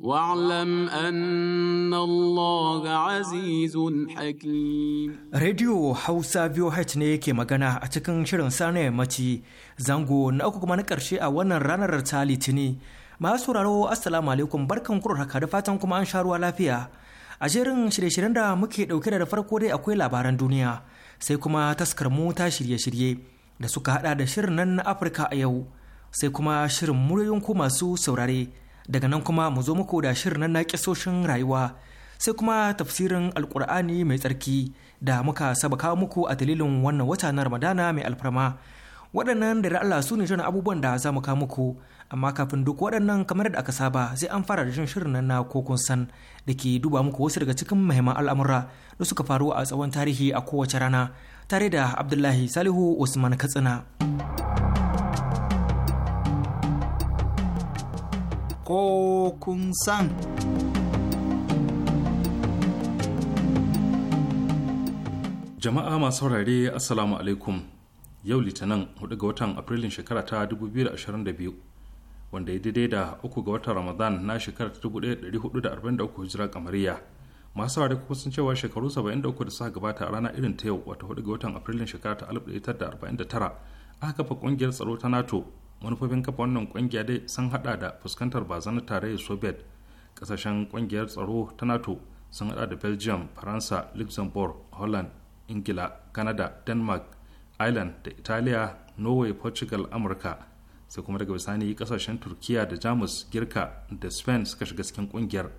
واعلم ان الله عزيز حكيم Radio Hausa هات ne yake magana a cikin shirin sana yammaci zango na uku kuma na ƙarshe a wannan ranar ta litini. Masu sauraro assalamu alaikum barkan kurar haka da fatan kuma an sha ruwa lafiya. A jerin shirye-shiryen da muke ɗauke da farko dai akwai labaran duniya sai kuma taskar mu ta shirye-shirye da suka hada da shirin nan na Afirka a yau sai kuma shirin muryoyin ku masu saurare. daga nan kuma mu zo muku da shirin na kisoshin rayuwa sai kuma tafsirin alkur'ani mai tsarki da muka saba kawo muku a dalilin wannan wata na ramadana mai alfarma waɗannan da Allah su ne shirin abubuwan da za mu kawo muku amma kafin duk waɗannan kamar da aka saba sai an fara da jin shirin na kokun san da ke duba muku wasu daga cikin muhimman al'amura da suka faru a tsawon tarihi a kowace rana tare da abdullahi salihu usman katsina. ko kun san. Jama'a masu saurare Assalamu alaikum yau litinin 4 ga watan Afrilun shekara ta 2022 wanda ya daidai da 3 ga watan Ramadan na shekara ta 1443 hijira kamariya. Masu saurare kuma sun cewa shekaru 73 da suka gabata a rana irin ta yau wata 4 ga watan Afrilun shekara ta 1949 aka kafa kungiyar tsaro ta NATO manufofin kafa wannan kungiya dai sun hada da fuskantar bazanar tarayyar soviet kasashen kungiyar tsaro ta nato sun hada da belgium faransa luxembourg holland ingila canada denmark ireland da italiya norway portugal amurka sai kuma daga bisani kasashen turkiya da jamus girka da spain suka shiga cikin kungiyar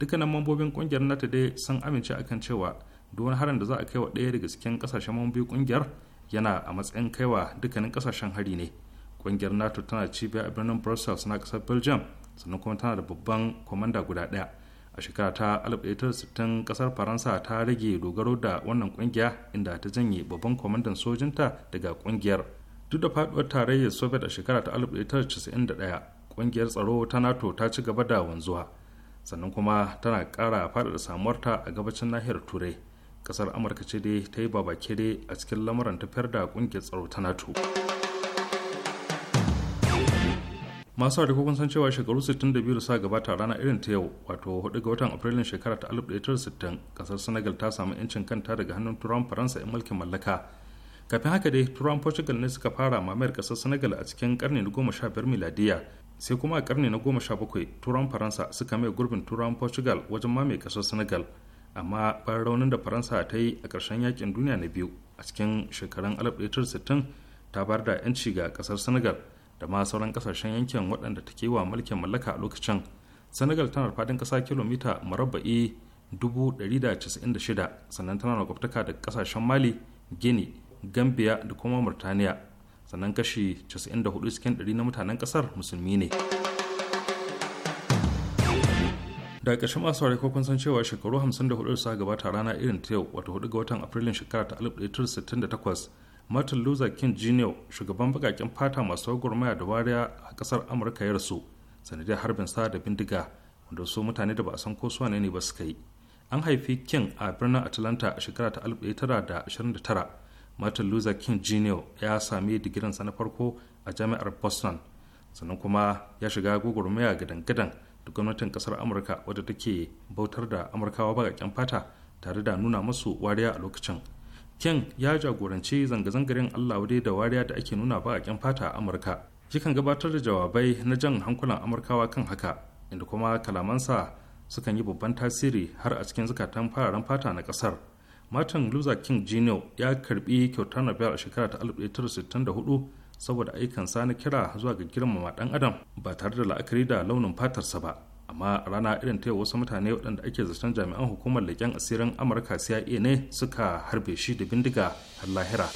dukkanin mambobin kungiyar nata dai sun amince akan cewa duk wani harin da za a kai wa daya daga cikin kasashen mambobi kungiyar yana a matsayin kaiwa dukkanin kasashen hari ne kungiyar nato tana cibiya a birnin brussels na kasar belgium sannan kuma tana da babban kwamanda guda ɗaya a shekara ta 1960 kasar faransa ta rage dogaro da wannan kungiya inda ta janye babban kwamandan sojinta daga kungiyar duk da faduwar tarayyar soviet a shekara ta 1991 kungiyar tsaro ta nato ta ci gaba da wanzuwa sannan kuma tana kara faɗaɗa samuwarta a gabacin nahiyar turai kasar amurka ce dai ta yi babakere a cikin lamuran tafiyar da kungiyar tsaro ta nato masu da kukun san cewa shekaru 62 da sa gabata rana irin ta yau wato 4 ga watan afrilun shekara ta 1960 kasar senegal ta samu yancin kanta daga hannun turan faransa in mulkin mallaka kafin haka dai turan portugal ne suka fara mamayar kasar senegal a cikin karni na sha 15 miladiya sai kuma a karni na bakwai turan faransa suka mai gurbin turan portugal wajen mamaye kasar senegal amma bayan raunin da faransa ta yi a karshen yakin duniya na biyu a cikin shekarun 1960 ta bar da 'yanci ga kasar senegal da ma sauran kasashen yankin waɗanda take wa mulkin mallaka a lokacin senegal tana da fadin ƙasa kilomita marabba'i 196 sannan tana da kwaftaka da kasashen mali gini gambia da kuma murtaniya sannan kashi 94 cikin 100 na mutanen kasar musulmi ne daga ƙarshen masu ko kun san cewa shekaru 54 da suka gabata rana irin ta yau wato 4 ga watan afrilun shekara ta 1968 martin luther king jr shugaban bakakin fata masu gwagwarmaya da wariya a kasar amurka ya rasu sanadiyar harbin sa da bindiga wanda su mutane da ba a san ko suwa ne ba su yi an haifi king a birnin atlanta a shekara ta 1929 martin luther king jr ya sami digirinsa na farko a jami'ar boston sannan kuma ya shiga gwagwarmaya gadan-gadan da gwamnatin kasar amurka wadda take bautar da amurkawa bakakin fata tare da nuna masu wariya a lokacin ken ya jagoranci zanga-zangarin allah wadai da wariya da ake nuna ba a fata a amurka yakan gabatar da jawabai na jan hankulan amurkawa kan haka inda kuma kalamansa sukan yi babban tasiri har a cikin zukatan fararen fata na kasar martin luther king jr ya karbi kyautar nobel a shekara ta 1964 saboda aikansa na kira zuwa ga girmama dan adam ba tare da la'akari da launin fatarsa ba amma rana irin ta wasu mutane waɗanda ake zaton jami'an hukumar leƙen asirin amurka cia ne suka harbe shi da bindiga har lahira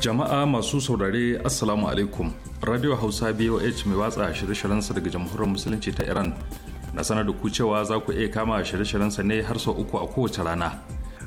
jama'a masu saurare assalamu alaikum radio hausa boh mai watsa shirye-shiryensa daga jamhuriyar musulunci ta iran na sanar da ku cewa za ku iya kama shirye-shiryensa ne har sau uku a kowace rana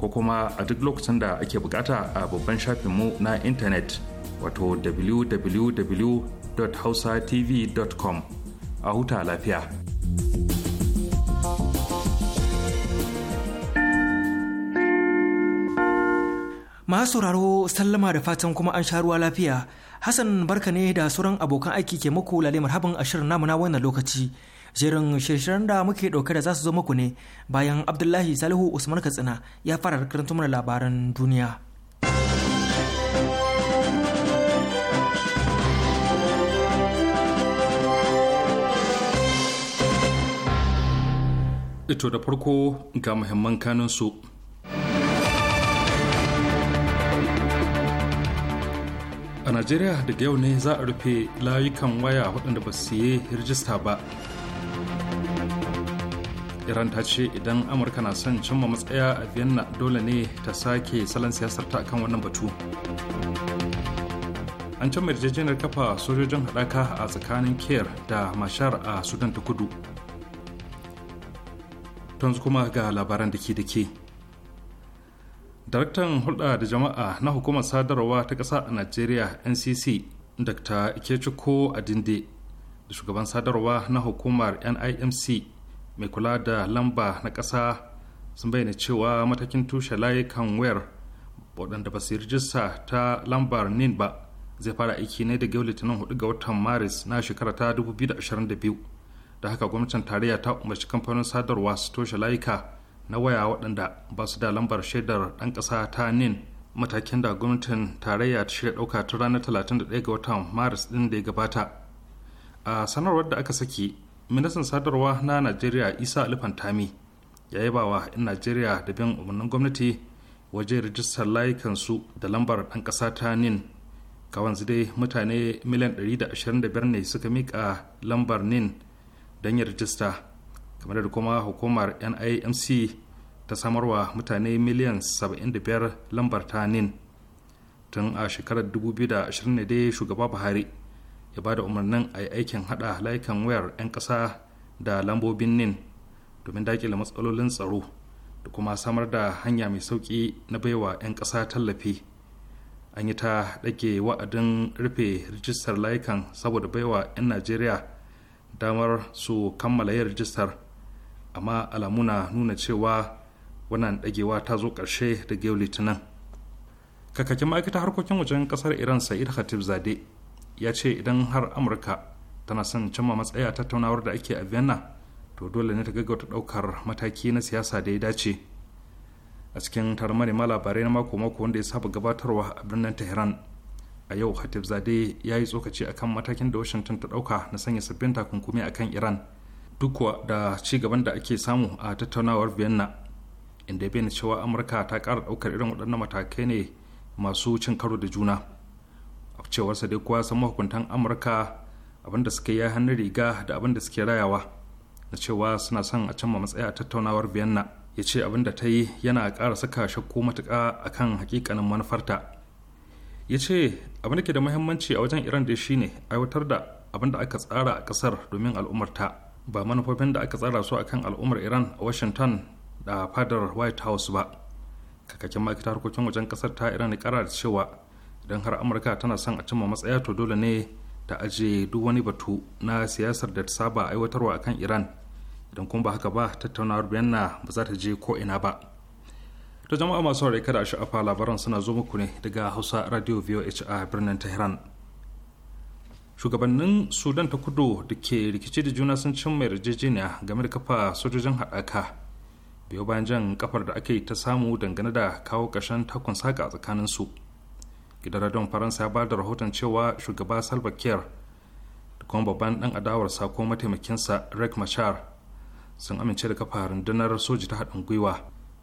ko kuma a duk lokacin da ake bukata a babban shafinmu na intanet wato www.hausatv.com a huta lafiya. Masu sauraro sallama da fatan kuma an sha ruwa lafiya. Hassan barka ne da sauran abokan aiki ke muku lalimar habin ashirin namu na wannan lokaci. jerin shirshirin da muke dauke da za su zo muku ne bayan abdullahi salihu usman katsina ya fara karanta mana labaran duniya ito da farko ga muhimman kanunsu a najeriya daga yau ne za a rufe layukan waya waɗanda ba su yi rijista ba iran ta ce idan amurka na son cimma matsaya a vienna dole ne ta sake salon siyasar ta akan wannan batu an cimma yarjejeniyar kafa sojojin haɗaka a tsakanin kiyar da mashar a sudan ta kudu yanzu kuma ga labaran da ke da ke daraktan hulɗa da jama'a na hukumar sadarwa ta ƙasa a najeriya ncc dr ikechukwu adinde da shugaban sadarwa na hukumar nimc mai kula da lamba na ƙasa sun bayyana cewa matakin tushe layukan wayar waɗanda ba su rijista ta lambar nin ba zai fara aiki ne da daga litinin 4 ga watan maris na shekara ta 2022 da haka gwamnatin tarayya ta umarci kamfanin sadarwa su toshe layuka na waya waɗanda ba su da lambar shaidar ɗan ƙasa ta nin matakin da gwamnatin tarayya ta shirya ɗauka ta ranar 31 ga watan maris ɗin da ya gabata a sanarwar da aka saki ministan sadarwa na najeriya isa alifantami ya yi bawa in najeriya da bin umarnin gwamnati wajen rijistar layukansu da lambar ɗan ƙasa ta nin kawan dai mutane miliyan 125 ne suka miƙa lambar nin don yin rijista kamar da kuma hukumar nimc ta samarwa mutane miliyan 75 lambar ta nin tun a shekarar 2020 shugaba buhari ya ba da umarnin a yi aikin hada layukan wayar 'yan ƙasa da lambobin nin domin dakile matsalolin tsaro da kuma samar da hanya mai sauƙi na baiwa 'yan ƙasa tallafi an yi ta ɗage wa'adin rufe rijistar layukan saboda baiwa 'yan najeriya damar su kammala yin rijistar amma alamuna nuna cewa wannan ɗagewa ta zo ƙarshe da yau litinin kakakin ma'aikatar harkokin wajen ƙasar iran sa'id khatib zade ya ce idan har amurka tana son cimma matsaya tattaunawar da ake a vienna to dole ne ta gaggauta daukar mataki na siyasa da ya dace a cikin manema labarai na mako-mako wanda ya saba gabatarwa a birnin tehran a yau hatib zade ya yi tsokaci akan matakin da washington ta dauka na sanya sabbin takunkumi a kan iran duk da ci gaban da ake samu a tattaunawar vienna inda ya bayyana cewa amurka ta kara ɗaukar irin waɗannan matakai ne masu cin karo da juna sa dai kowa san mahukuntan amurka abinda suka yi hannun riga da abin da suke rayawa na cewa suna son a cimma matsaya a tattaunawar vienna ya ce abinda ta yi yana ƙara saka shakku matuƙa kan hakikanin manufarta ya ce abin da ke da muhimmanci a wajen iran da shine aiwatar da abin da aka tsara a ƙasar domin al'ummarta ba manufofin da aka tsara su akan al'ummar iran a washington da fadar white house ba kakakin ma'aikatar harkokin wajen kasar ta iran ya ƙara da cewa don har amurka tana son a cimma matsaya to dole ne ta ajiye duk wani batu na siyasar da ta saba aiwatarwa akan iran idan kuma ba haka ba tattaunawar biyanna ba za ta je ko ina ba to jama'a masu rai kada a sha'afa labaran suna zo muku ne daga hausa radio voh a birnin tehran shugabannin sudan ta kudu da ke rikici da juna sun cimma yarjejeniya game da kafa sojojin haɗaka biyo bayan jan kafar da aka ta samu dangane da kawo ƙarshen takun saka a tsakaninsu su gidan radon faransa ya ba da rahoton cewa shugaba salva kiir da kuma babban dan sa ko mataimakinsa rek machar sun amince da kafa rundunar soji ta haɗin gwiwa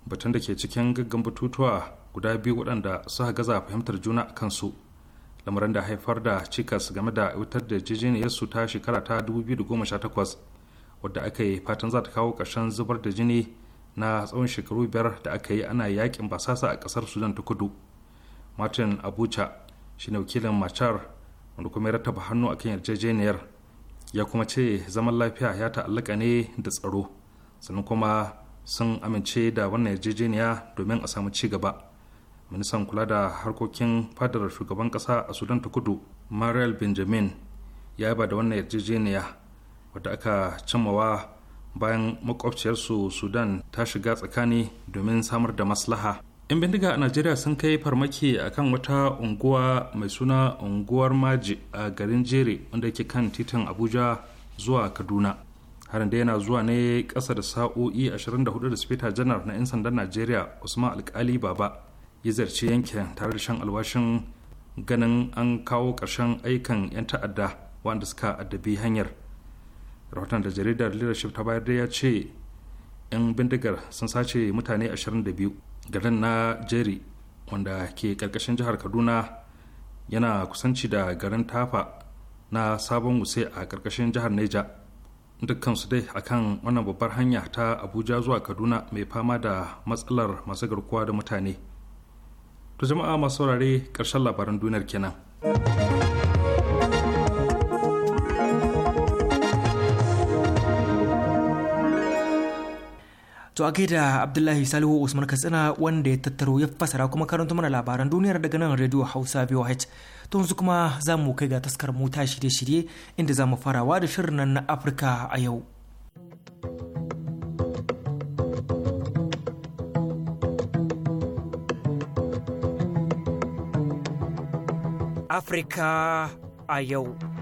batun da ke cikin gaggan batutuwa guda biyu waɗanda suka gaza fahimtar juna a kansu lamarin da haifar da cikas game da wutar da su ta shekara ta 2018 wadda aka yi fatan za ta kawo ƙarshen zubar da jini na tsawon shekaru biyar da aka yi ana yakin basasa a ƙasar sudan ta kudu martin abuja shine wakilin machar wanda kuma ya rattaba hannu akan yarjejeniyar ya kuma ce zaman lafiya ya ta'allaka ne da tsaro sannan kuma sun amince da wannan yarjejeniya domin a samu ci gaba ministan kula da harkokin fadar shugaban kasa a sudan ta kudu mariel benjamin ya ba da wannan yarjejeniya wadda aka cimmawa bayan makwabciyarsu sudan ta shiga tsakani domin samar da maslaha 'yan bindiga a najeriya sun kai farmaki a kan wata unguwa mai suna unguwar maji a garin jere wanda yake kan titin abuja zuwa kaduna harin da yana zuwa ne kasa da sa'o'i 24 da sifita janar na 'yan sandan najeriya usman alkali baba ya zarce yankin tare da shan alwashin ganin an kawo ƙarshen aikan 'yan ta'adda wanda suka addabi hanyar rahoton da jaridar leadership ta bayar da ya ce 'yan bindigar sun sace mutane 22 garin na jeri wanda ke karkashin jihar kaduna yana kusanci da garin tafa na sabon wuse a karkashin jihar neja dukkansu dai akan wannan babbar hanya ta abuja zuwa kaduna mai fama da matsalar masu garkuwa da mutane to jama'a masu saurare ƙarshen labaran duniyar kenan. To a gaida Abdullahi Salihu Usman Katsina wanda ya tattaro ya fasara kuma karanta mana labaran duniyar daga nan Radio Hausa VOH. To yanzu kuma za mu kai ga taskar mota shirye-shirye inda za mu farawa da shirin nan na Afirka a yau. Afirka a yau.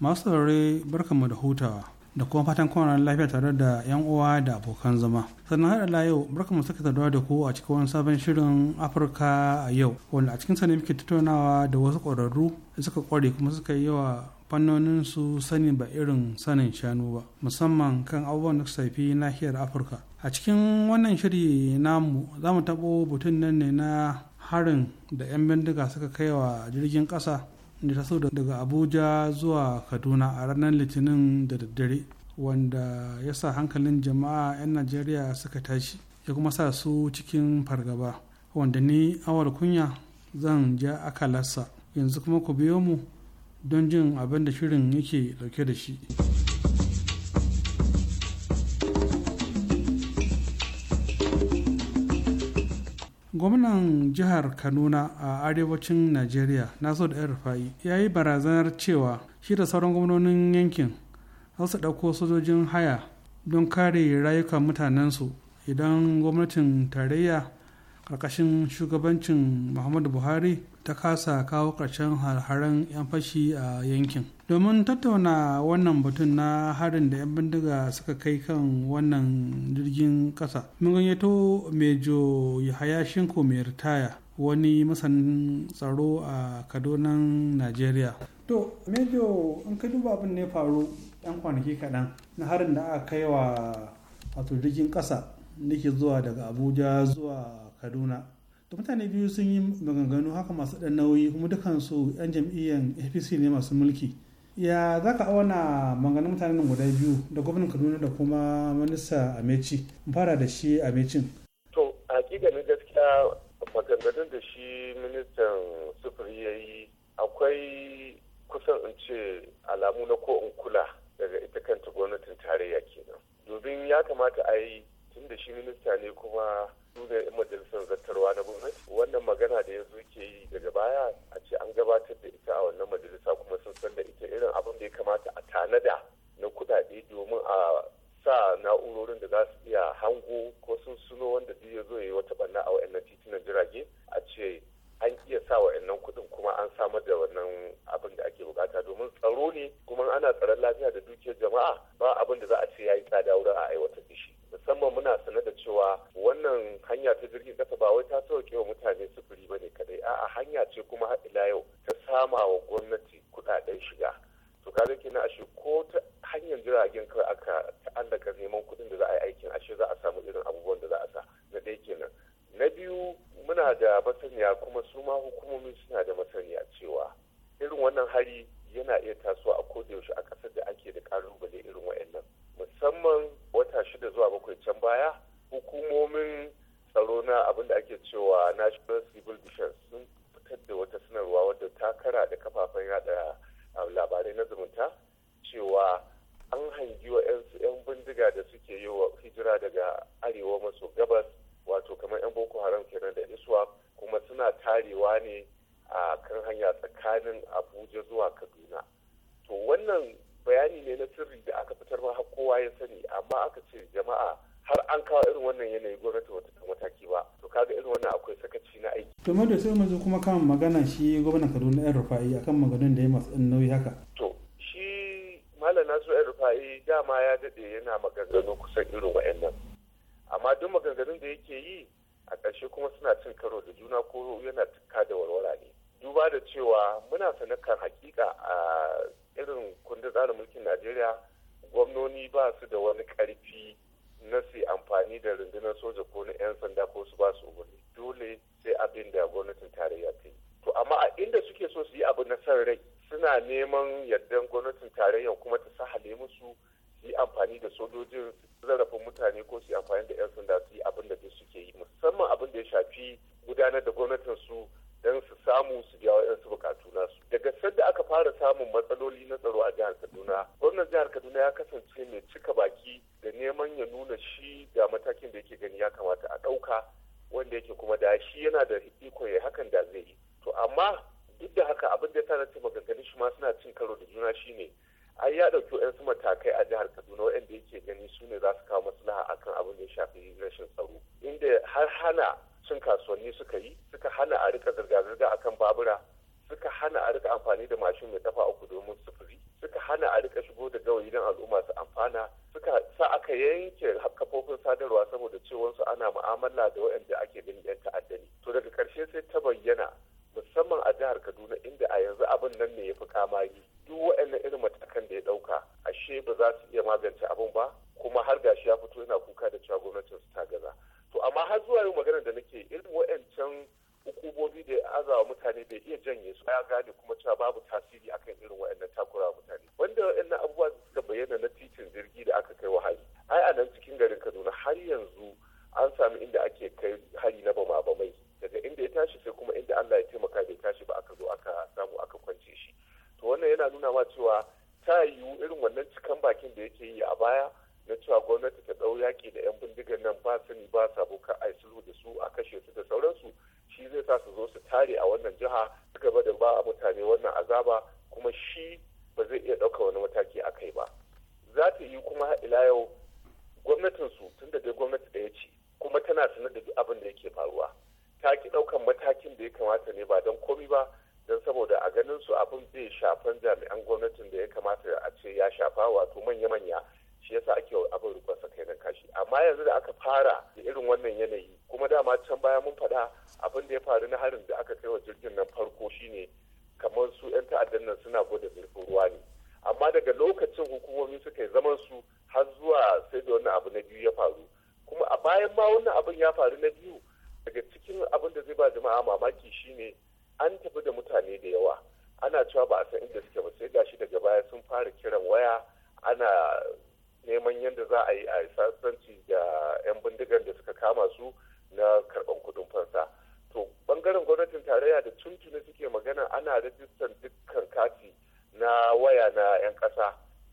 masu saurare barkanmu da hutawa da kuma fatan kwanan lafiya tare da yan uwa da abokan zama sannan haɗa la yau barkanmu suka saduwa da ku a cikin wani sabon shirin afirka a yau wanda a cikin sa ne muke tattaunawa da wasu ƙwararru da suka ƙware kuma suka yi yawa fannonin su sani ba irin sanin shanu ba musamman kan abubuwan da fi nahiyar afirka a cikin wannan shiri namu za mu taɓo butun nan ne na harin da 'yan bindiga suka kai wa jirgin ƙasa da taso daga abuja zuwa kaduna a ranar litinin da daddare wanda ya sa hankalin jama'a 'yan najeriya suka tashi ya kuma sa su cikin fargaba wanda ni awar kunya zan ja akalarsa yanzu kuma ku biyo mu don jin abin da shirin yake dauke da shi. gwamnan jihar kanuna a arewacin najeriya so da rufa'i ya yi barazanar cewa shi da sauran gwamnonin yankin za su ɗauko sojojin haya don kare rayukan mutanensu idan gwamnatin tarayya ƙarƙashin shugabancin muhammadu buhari ta kasa kawo ƙarshen harharen 'yan fashi a yankin domin tattauna wannan batun na harin da 'yan bindiga suka kai kan wannan jirgin ƙasa mun gayyato mejo yahaya shinko mai ritaya wani masanin tsaro a kadonan nigeria. to mejo in ka duba abin ne faru 'yan kwanaki kaɗan na harin da aka kai wa jirgin ƙasa nake zuwa daga abuja zuwa kaduna da mutane biyu sun yi maganganu haka masu ɗan nauyi kuma dukansu 'yan jam'iyyar apc ne masu mulki ya za ka auna maganganun mutanen guda biyu da gwamnan kaduna da kuma minista ameci fara da shi amecin to hakikanin gaskiya maganganun da shi ministan sufuri ya yi akwai kusan in ce alamu na ko in kula daga ita kanta gwamnatin tarayya kenan domin ya kamata a yi tun da shi minista ne kuma su ne yan majalisar zartarwa na gwamnati wannan magana da yanzu ke yi daga baya a ce an gabatar da ita a wannan majalisa kuma sun san da ita irin abin da ya kamata a tanada na kuɗaɗe domin a sa na'urorin da za su iya hango ko sun suno wanda duk ya zo ya yi wata ɓanna a wa'annan titunan jirage a ce an iya sa wa'annan kuɗin kuma an samar da wannan abin da ake bukata domin tsaro ne kuma ana tsaron lafiya da dukiyar jama'a ba abin da za a ce ya yi tsada wurin a aiwatar da shi musamman muna sanar da cewa wannan hanya ta jirgin kasa ba wai ta sauke wa mutane sufuri ba ne kadai a'a hanya ce kuma har ila yau ta sama wa gwamnati kudaden shiga to ka zai kenan ashe ko ta hanyar jiragen kawai aka ta'allaka neman kuɗin da za a yi aikin ashe za a samu irin abubuwan da za a sa na dai kenan na biyu muna da masaniya kuma su ma hukumomi suna da masaniya cewa irin wannan hari yana iya tasowa a kodayaushe a ƙasar da ake da ƙalubale irin waɗannan musamman wata shida zuwa bakwai can baya hukumomin tsaro na abin da ake cewa national civil defense sun fitar da wata sanarwa wadda ta kara da kafafen yada ah, labarai na zumunta cewa an hangi wa 'yan bindiga da suke yi wa hijira daga arewa maso gabas wato kamar 'yan boko haram kenan da iswa kuma suna tarewa ne a ah, kan hanya tsakanin abuja zuwa kaduna to wannan bayani ne na sirri da aka fitar ma kowa ya sani amma aka ce jama'a har an kawo irin wannan yanayi gwamnati wata ta mataki ba to kaga irin wannan akwai sakaci na aiki. to da sai mu kuma kan magana shi gwamnan kaduna yan rufa'i akan maganin da ya masu ɗan nauyi haka. to shi malam nasu yan rufa'i dama ya daɗe yana maganganu kusan irin wa'annan amma duk maganganun da yake yi a ƙarshe kuma suna cin karo da juna ko yana tukka da warwara ne duba da cewa muna sanakan hakika a irin kundin tsarin mulkin najeriya gwamnoni ba su da wani karfi na su amfani da rundunar soja ko na 'yan sanda ko su ba su umarni dole sai abin da gwamnatin tarayya ta yi to amma a inda suke so su yi abu na san rai suna neman yardan gwamnatin tarayya kuma ta sahale musu su yi amfani da sojojin zarafin mutane ko su yi amfani da 'yan sanda su yi abin da suke yi musamman abin da ya shafi gudanar da gwamnatin su don su samu su biya waɗansu bukatu nasu daga sadda aka fara samun matsaloli na tsaro a jihar kaduna gwamnan jihar kaduna ya kasance mai cika baki da neman ya nuna shi da matakin da yake gani ya kamata a ɗauka wanda yake kuma da shi yana da iko ya hakan da zai yi to amma duk da haka abin da ya tana ce maganganun shi ma suna cin karo da juna shine ai ya ɗauki wasu matakai a jihar kaduna waɗanda yake gani su ne za su kawo maslaha akan abin da ya shafi rashin tsaro inda har hana cin kasuwanni suka yi suka hana a rika zirga-zirga akan babura suka hana a rika amfani da mashin mai kafa uku domin sufuri suka hana a rika shigo da gawayi don al'umma su amfana suka sa aka yanke kafofin sadarwa saboda cewansu ana mu'amala da waɗanda ake ganin 'yan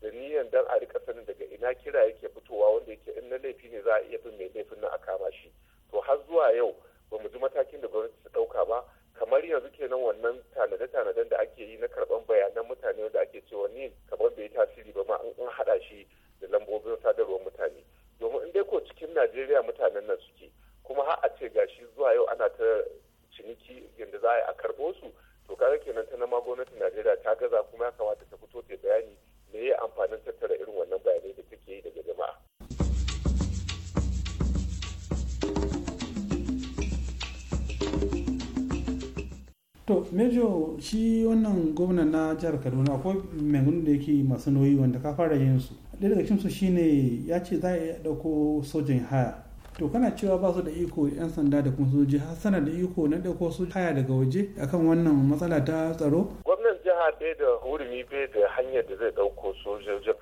da niyan dan a rika sanin daga ina kira yake fitowa wanda yake in na laifi ne za a iya bin mai laifin jihar kaduna akwai maganganun da yake masu nauyi wanda ka fara yin su ɗaya daga cikinsu shine ya ce za a iya ɗauko sojin haya to kana cewa ba su da iko yan sanda da kuma soji har sana da iko na ɗauko su haya daga waje akan wannan matsala ta tsaro gwamnan jihar bai da hurumi bai da hanyar da zai ɗauko sojojin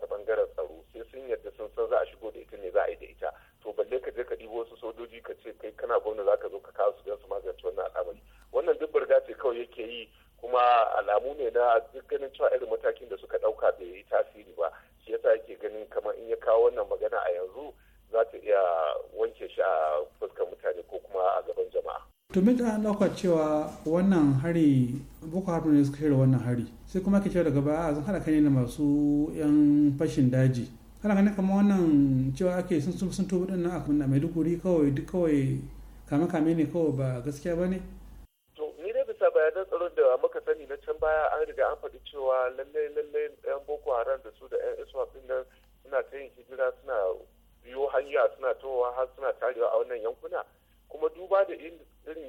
ta bangaren tsaro sai sun yadda sun san za a shigo da ita ne za a yi da ita to balle ka je ka ɗibo wasu sojoji ka ce kai kana gwamna za ka zo ka kawo su don su magance wannan al'amari wannan duk burga ce kawai yake yi kuma alamu ne na duk ganin cewa irin matakin da suka ɗauka bai yi tasiri ba shi yasa yake ganin kamar in ya kawo wannan magana a yanzu za ta iya wanke shi a fuskar mutane ko kuma a gaban jama'a. domin da an dauka cewa wannan hari boko haram ne suka shirya wannan hari sai kuma ke cewa daga baya sun zan kai da masu yan fashin daji haɗa kai kama wannan cewa ake sun sun tubu ɗin nan a kuma maiduguri kawai duk kawai kame kame ne kawai ba gaskiya ba ne. to ni dai bisa bayanan tsaron da muka sani na can baya an riga an faɗi cewa lalle lalle yan boko haram da su da yan iswap ɗin nan suna ta yin hijira suna biyo hanya suna towa har suna tarewa a wannan yankuna. kuma duba da irin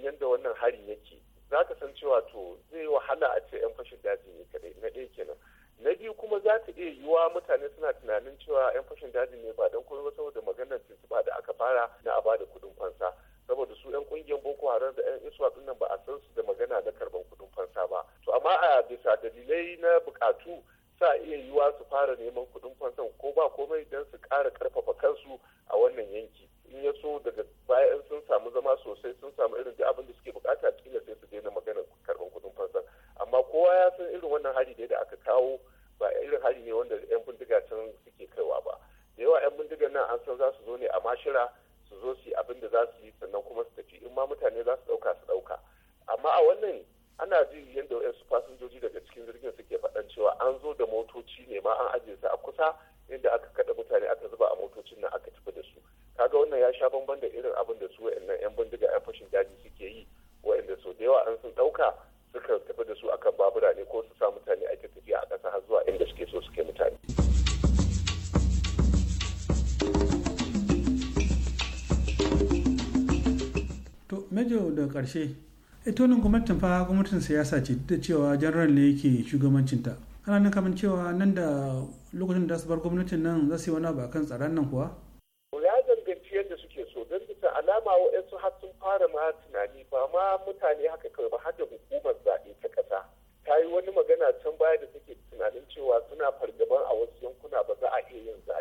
yadda wannan hari yake za ka san cewa to zai wahala a ce 'yan fashin daji ne kadai na ɗaya kenan na biyu kuma za ta iya yiwuwa mutane suna tunanin cewa 'yan fashin daji ne ba don kuma saboda maganar tuntuɓa da aka fara na a bada kuɗin fansa saboda su 'yan kungiyar boko haram da 'yan iswa ɗin nan ba a san su da magana na karɓar kuɗin fansa ba to amma a bisa dalilai na buƙatu sa iya yiwuwa su fara neman kudin fansan ko ba komai don su kara karfafa kansu a wannan yanki in ya so daga bayan sun samu zama sosai sun samu irin duk abin da suke bukata kila sai su daina magana karban kudin fansan amma kowa ya san irin wannan hari da aka kawo ba irin hari ne wanda 'yan bindiga can suke kaiwa ba da yawa 'yan bindigan nan an san za su zo ne a mashira su zo su yi abin da za su yi sannan kuma su tafi in ma mutane za su ɗauka su ɗauka amma a wannan ana jin yadda wasu fasinjoji daga cikin jirgin suke faɗan cewa an zo da motoci ne ma an ajiye su a kusa inda aka kaɗa mutane aka zuba a motocin nan aka tafi da su kaga wannan ya sha bamban da irin abin da su wa'annan yan bindiga yan fashin daji suke yi wa'anda sau da yawa an sun ɗauka suka tafi da su akan babura ne ko su sa mutane ake tafiya a ƙasa har zuwa inda suke so suke mutane. To, Mejo da karshe. ita eh, wannan gwamnatin fa gwamnatin siyasa ce da cewa janar ne yake shugabancinta ana nan kamar cewa nan da lokacin da su bar gwamnatin nan za su yi wani abu akan tsaron nan kuwa ya danganci yadda suke so don bisa alama waɗansu har sun fara ma tunani ba ma mutane haka kawai ba har da hukumar zaɓe ta ƙasa ta yi wani magana can baya da suke tunanin cewa suna fargaban a wasu yankuna ba za a iya yin za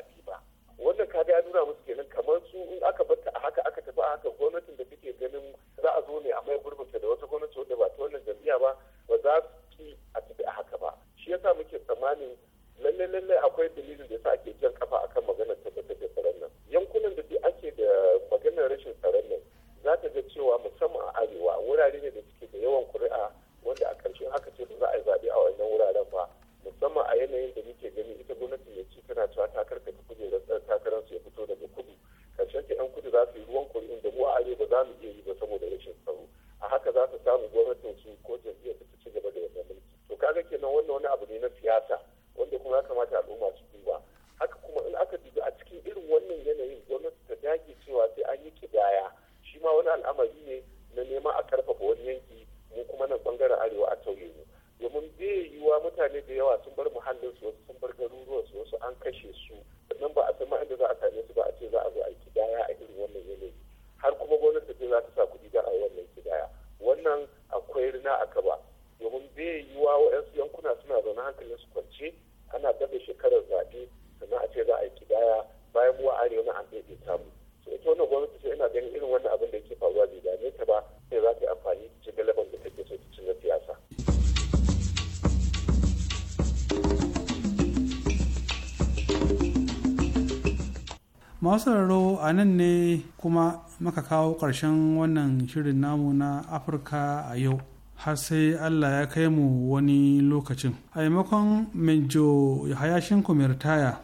masu sauraro a nan ne kuma maka kawo ƙarshen wannan shirin namu na afirka a yau har sai allah ya kai mu wani lokacin a maimakon menjo hayashin kumirtaya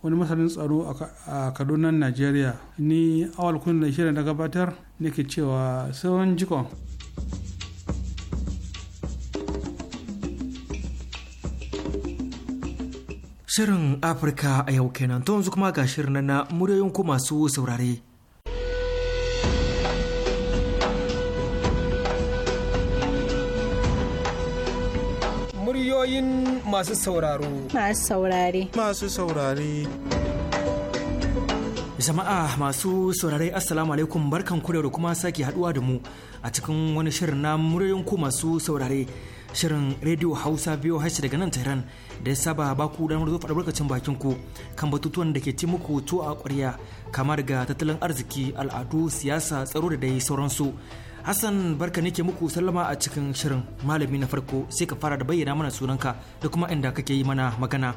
wani masanin tsaro a kadunan najeriya ni awal kun shirin da gabatar nake cewa sauran jikon Shirin Afirka a yau kenan to yanzu kuma ga shirin na muryoyin ku masu saurare. Muryoyin masu sauraro. Masu saurare. Masu saurare. Jama'a masu saurare Assalamu alaikum barkan ku da kuma sake haduwa da mu a cikin wani shirin na muryoyin ku masu saurare. shirin Radio Hausa biyu hashi daga nan Tehran da ya saba ba ku damar zo albarkacin bakin ku kan batutuwan da ke ci muku to a ƙwarya kamar ga tattalin arziki, al'adu, siyasa, tsaro da dai sauransu. Hassan barka ne ke muku sallama a cikin shirin malami na farko sai ka fara da bayyana mana sunanka da kuma inda kake yi mana magana.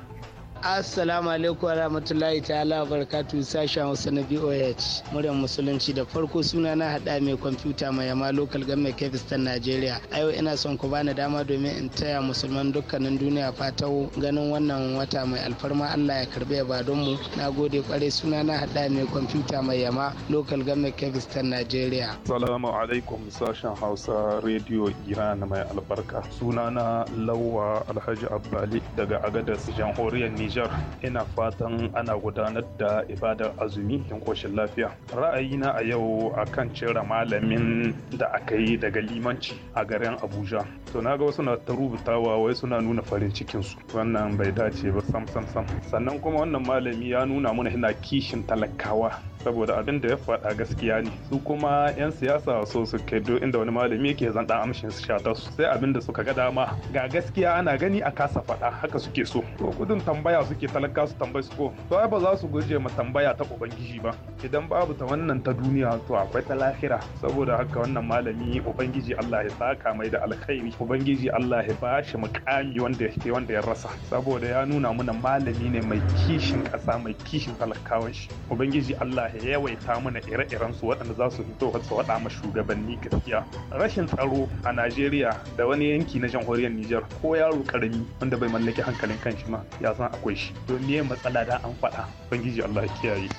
Assalamu alaikum wa rahmatullahi ta'ala wa barakatu sashen Hausa na BOH muryar musulunci da farko suna na hada mai kwamfuta mai yama local government Kebistan Najeriya. A yau ina son ku bani dama domin in taya musulman dukkanin duniya fatan ganin wannan wata mai alfarma Allah ya karbe ba don mu. Na gode kware suna na hada mai kwamfuta mai yama local government Kebistan Najeriya. Assalamu alaikum sashen Hausa Radio Iran mai albarka. Suna na Lawwa Alhaji Abdali daga Agadas Jamhuriyar Nijar. Nijar ina fatan ana gudanar da ibadar azumi don koshin lafiya. Ra'ayina a yau akan cire malamin da aka yi daga limanci a garin Abuja. to na ga wasu na ta rubutawa wai suna nuna farin cikin su wannan bai dace ba sam sam sam sannan kuma wannan malami ya nuna mana yana kishin talakawa saboda abin da ya faɗa gaskiya ne su kuma 'yan siyasa so su do inda wani malami yake zan dan amshin su shata su sai abin da suka ga dama ga gaskiya ana gani a kasa faɗa haka suke so to gudun tambaya suke talaka su tambayi su ko to ai ba za su guje ma tambaya ta ubangiji ba idan babu ta wannan ta duniya to akwai ta lahira saboda haka wannan malami ubangiji Allah ya saka mai da alkhairi ubangiji Allah ya ba shi mukami wanda ya ke wanda ya rasa saboda ya nuna mana malami ne mai kishin ƙasa mai kishin talakawan shi ubangiji Allah ya yawaita mana ire-iren su waɗanda za su fito su waɗa ma shugabanni gaskiya rashin tsaro a Najeriya da wani yanki na jamhuriyar Nijar ko yaro karami wanda bai mallaki hankalin kanshi ma ya san akwai shi to ne matsala da an faɗa ubangiji Allah ya kiyaye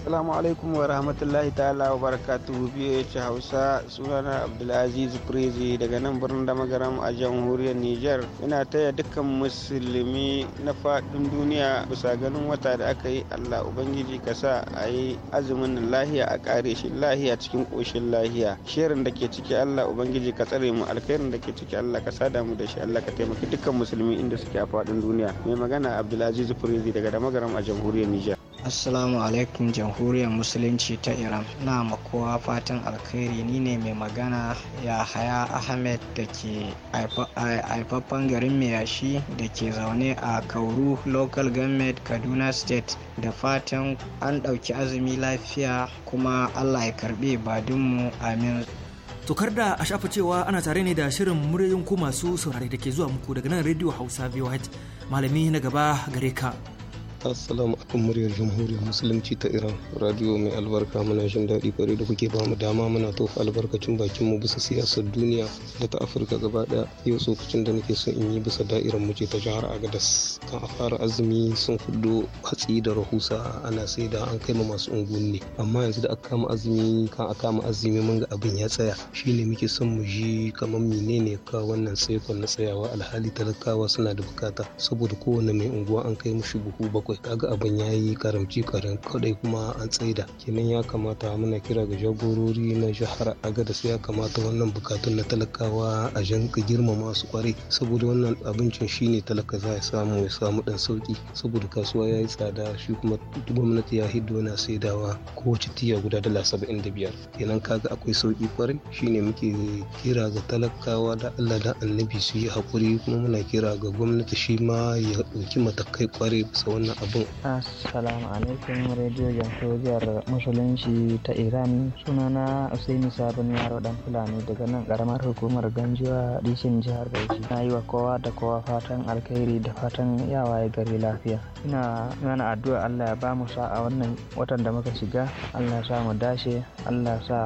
Assalamu alaikum wa rahmatullahi ta'ala wa barakatuhu biyu Hausa sunana Abdulaziz Prezi daga nan birnin Damagaram a jamhuriyar Nijar. Ina taya dukkan musulmi na faɗin duniya bisa ganin wata da aka yi Allah Ubangiji ka sa a yi azumin lahiya a kare shi lahiya cikin ƙoshin lahiya. Shirin da ke ciki Allah Ubangiji ka tsare mu alkhairin da ke ciki Allah ka sada mu da shi Allah ka taimaki dukkan musulmi inda suke a faɗin duniya. Mai magana Abdulaziz Prezi daga Damagaram a jamhuriyar Nijar. Assalamu alaikum jamhuriyar musulunci ta iran na makowa fatan alkhairi ni ne mai magana ya haya ahmed da ke haifaffen garin mayashi da ke zaune a kauru local government kaduna state da fatan an ɗauki azumi lafiya kuma allah ya karbe badinmu amin tokar da a shafa cewa ana tare ne da shirin muryoyin ku masu saurari da ke zuwa muku daga nan rediyo hausa vh malami na gaba gare ka assalamu alaikum muryar jamhuriyar musulunci ta iran radio mai albarka muna jin daɗi kwarai da kuke bamu dama muna tofa albarkacin bakin mu bisa siyasar duniya da ta afirka gaba ɗaya yau tsokacin da nake so in yi bisa da'irar mu ce ta jihar agadas kan a fara azumi sun fudo hatsi da rahusa ana sai da an kai ma masu unguwanni amma yanzu da aka kama azumi kan a kama azumi mun ga abin ya tsaya shine muke son mu ji kamar menene ka wannan saikon na tsayawa alhali talakawa suna da bukata saboda kowane mai unguwa an kai mushi buhu bakwai bakwai kaga abin ya yi karamci karam kaɗai kuma an tsaida kenan ya kamata muna kira ga jagorori na da su ya kamata wannan bukatun na talakawa a ka girmama su kwarai saboda wannan abincin shine talaka za ya samu ya samu dan sauki saboda kasuwa ya yi tsada shi kuma gwamnati ya hiddo na saidawa kowace tiya guda dala saba'in da biyar kenan kaga akwai sauki kwarai shine muke kira ga talakawa da allah da annabi su yi hakuri kuma muna kira ga gwamnati shi ma ya ɗauki matakai kwarai bisa wannan abu assalamu alaikum radio jamhuriyar musulunci ta iran sunana usaini sabon yaro dan fulani daga nan karamar hukumar ganjiwa dishin jihar bauchi na yi wa kowa da kowa fatan alkhairi da fatan yawa ya gari lafiya ina mana addu'a allah ya bamu sa'a wannan watan da muka shiga allah ya sa mu dashe allah ya sa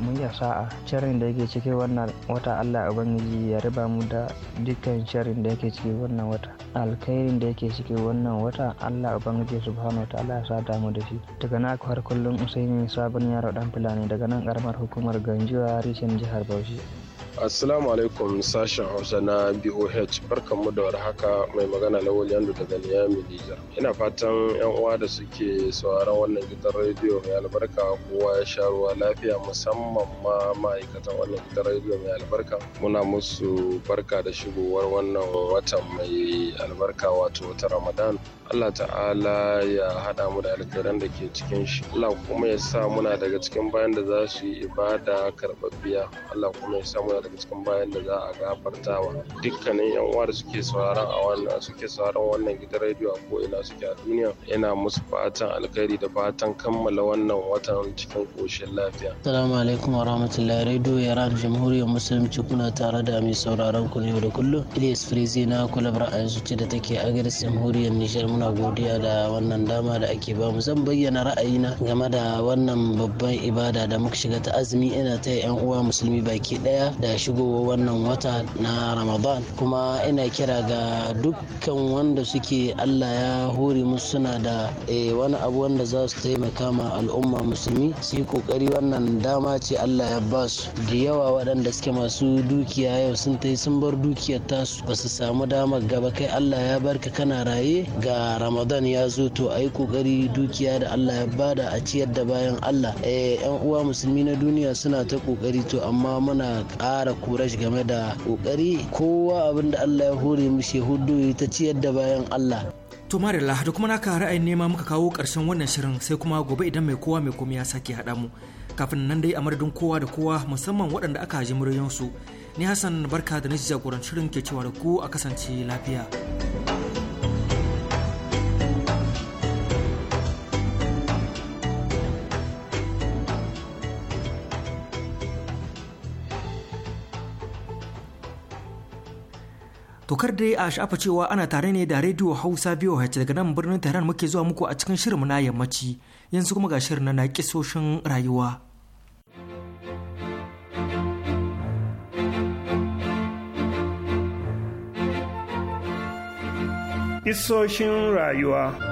mun ya sa'a sharrin da yake cikin wannan wata allah ubangiji ya riba mu da dukkan sharrin da yake cikin wannan wata alkhairin da yake cikin wannan wata sa Allah Ubangiji subhanahu ta'ala ya sada mu da shi daga nan na har kullum Usaini sabon yaro dan fulani daga nan karamar hukumar ganjiwa rishin jihar Bauchi Assalamu alaikum sashen Hausa na BOH barkanmu da warhaka mai magana na Yandu daga Niyami Nijar. Ina fatan yan uwa da suke sauraron wannan gidan rediyo mai albarka kowa ya sha ruwa lafiya musamman ma ma'aikatan wannan gidan rediyo mai albarka. Muna musu barka da shigowar wannan watan mai albarka wato wata Ramadan. Allah ta'ala ya haɗa mu da alkhairan da ke cikin shi. Allah kuma ya sa muna daga cikin bayan da za su yi ibada karɓaɓɓiya. Allah kuma ya sa muna daga cikin bayan da za a gafartawa dukkanin yan uwa da suke sauraron a wannan suke sauraron wannan gidan rediyo a ko ina suke a duniya ina musu fatan alkhairi da fatan kammala wannan watan cikin koshin lafiya assalamu alaikum warahmatullahi rediyo yaran jamhuriyar musulunci kuna tare da mai sauraron ku yau da kullum Ilyas Firizi na kulabar a zuci da take agaris jamhuriyar Nijar muna godiya da wannan dama da ake bamu zan bayyana na game da wannan babban ibada da muka shiga ta azumi ina ta yan uwa musulmi baki ɗaya da shigowa wannan wata na ramadan kuma ina kira ga dukkan wanda suke allah ya hori musu suna da eh, wani abu wanda za su taimaka ma al'umma musulmi su yi kokari wannan dama ce allah ya ba su da yawa waɗanda suke masu dukiya yau sun tai sun bar dukiyar tasu ba su samu dama gaba kai allah ya barka kana raye ga ramadan ya zo to a yi kokari dukiya da allah ya bada a ciyar da bayan allah yan eh, uwa musulmi na duniya suna ta kokari to amma muna ƙara ƙara kuraj game da ƙoƙari kowa abin da Allah ya hore mishi hudu ta ciyar da bayan Allah. To Marilla da kuma naka ra'ayin nema muka kawo ƙarshen wannan shirin sai kuma gobe idan mai kowa mai komai ya sake haɗa mu. Kafin nan dai a madadin kowa da kowa musamman waɗanda aka ji muryansu. Ni Hassan barka da na jagoran shirin ke cewa da ku a kasance lafiya. tokar dai a sha'afa cewa ana tare ne da rediyo hausa biyu hace daga nan birnin tehran muke zuwa muku a cikin shirin na yammaci yanzu kuma ga shirin na kisoshin rayuwa Isoshin rayuwa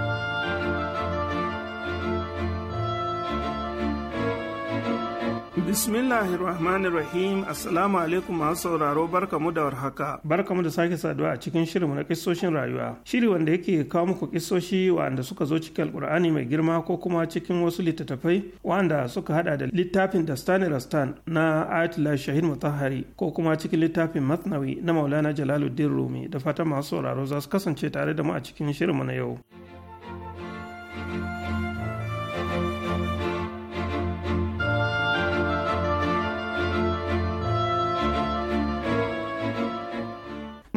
Bismillahirrahmanirrahim Assalamu alaikum masu sauraro barkamu da warhaka. Barkamu da sake saduwa a cikin shirinmu na kisoshin rayuwa. Shiri wanda yake kawo muku kisoshi wanda suka zo cikin Alkur'ani mai girma ko kuma cikin wasu littattafai wanda suka hada da littafin Dastani Rastan na Ayatollah Shahid Mutahari ko kuma cikin littafin Matnawi na Maulana Jalaluddin Rumi da fatan masu sauraro za su kasance tare da mu a cikin shirinmu na yau.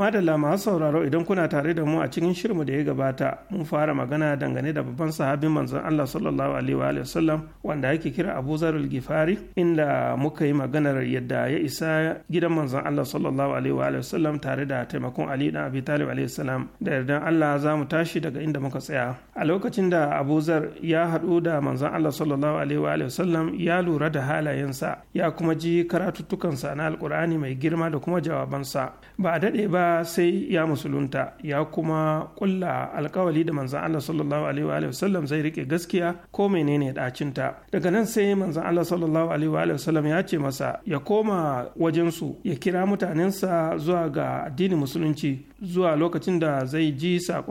madalla masu sauraro idan kuna tare da mu a cikin shirmu da ya gabata mun fara magana dangane da babban sahabin manzon Allah sallallahu alaihi wa sallam wanda ake kira Abu Zarul Gifari inda muka yi maganar yadda ya isa gidan manzon Allah sallallahu alaihi wa sallam tare da taimakon Ali dan Abi Talib alaihi salam da yardan Allah za mu tashi daga inda muka tsaya a lokacin da Abu Zar ya haɗu da manzon Allah sallallahu alaihi wa sallam ya lura da halayensa ya kuma ji karatuttukansa na alkur'ani mai girma da kuma jawabansa ba a daɗe ba sai ya musulunta ya kuma kulla alkawali da manzan Allah sallallahu alaihi wa sallam zai rike gaskiya ko menene dacinta daga nan sai manzan Allah sallallahu alaihi wa sallam ya ce masa ya koma wajensu ya kira mutanensa zuwa ga addinin musulunci zuwa lokacin da zai ji sa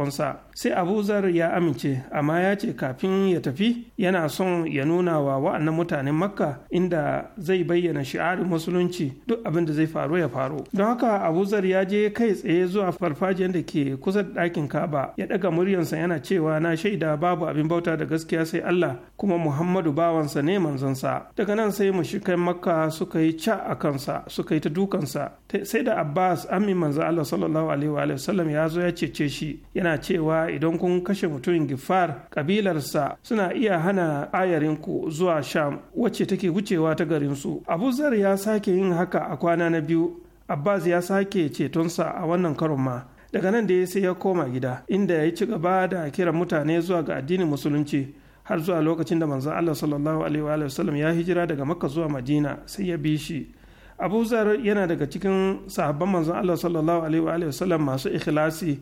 sai Abu Zar ya amince amma ya ce kafin ya tafi yana son ya nuna wa wa'annan mutanen Makka inda zai bayyana shi'arin musulunci duk abin da zai faru ya faru don haka Abu Zar ya je kai kai tsaye zuwa farfajiyar da ke kusa da ɗakin kaba ya ɗaga muryarsa yana cewa na shaida babu abin bauta da gaskiya sai allah kuma muhammadu bawansa ne manzansa daga nan sai mu mushrikan makka suka yi ca a kansa suka yi ta dukansa sai da abbas amin manzo allah sallallahu alaihi wa sallam ya zo ya cece shi yana cewa idan kun kashe mutumin gifar kabilarsa suna iya hana ayarinku zuwa sham wacce take wucewa ta garinsu abu zar ya sake yin haka a kwana na biyu abbas ya sake cetonsa a wannan karon ma daga nan da ya sai ya koma gida inda ya yi ci gaba da kiran mutane zuwa ga addinin musulunci har zuwa lokacin da manzon Allah sallallahu alaihi wa sallam ya hijira daga Makka zuwa Madina sai ya bi shi Abu Zar yana daga cikin sahabban manzon Allah sallallahu alaihi wa sallam masu ikhlasi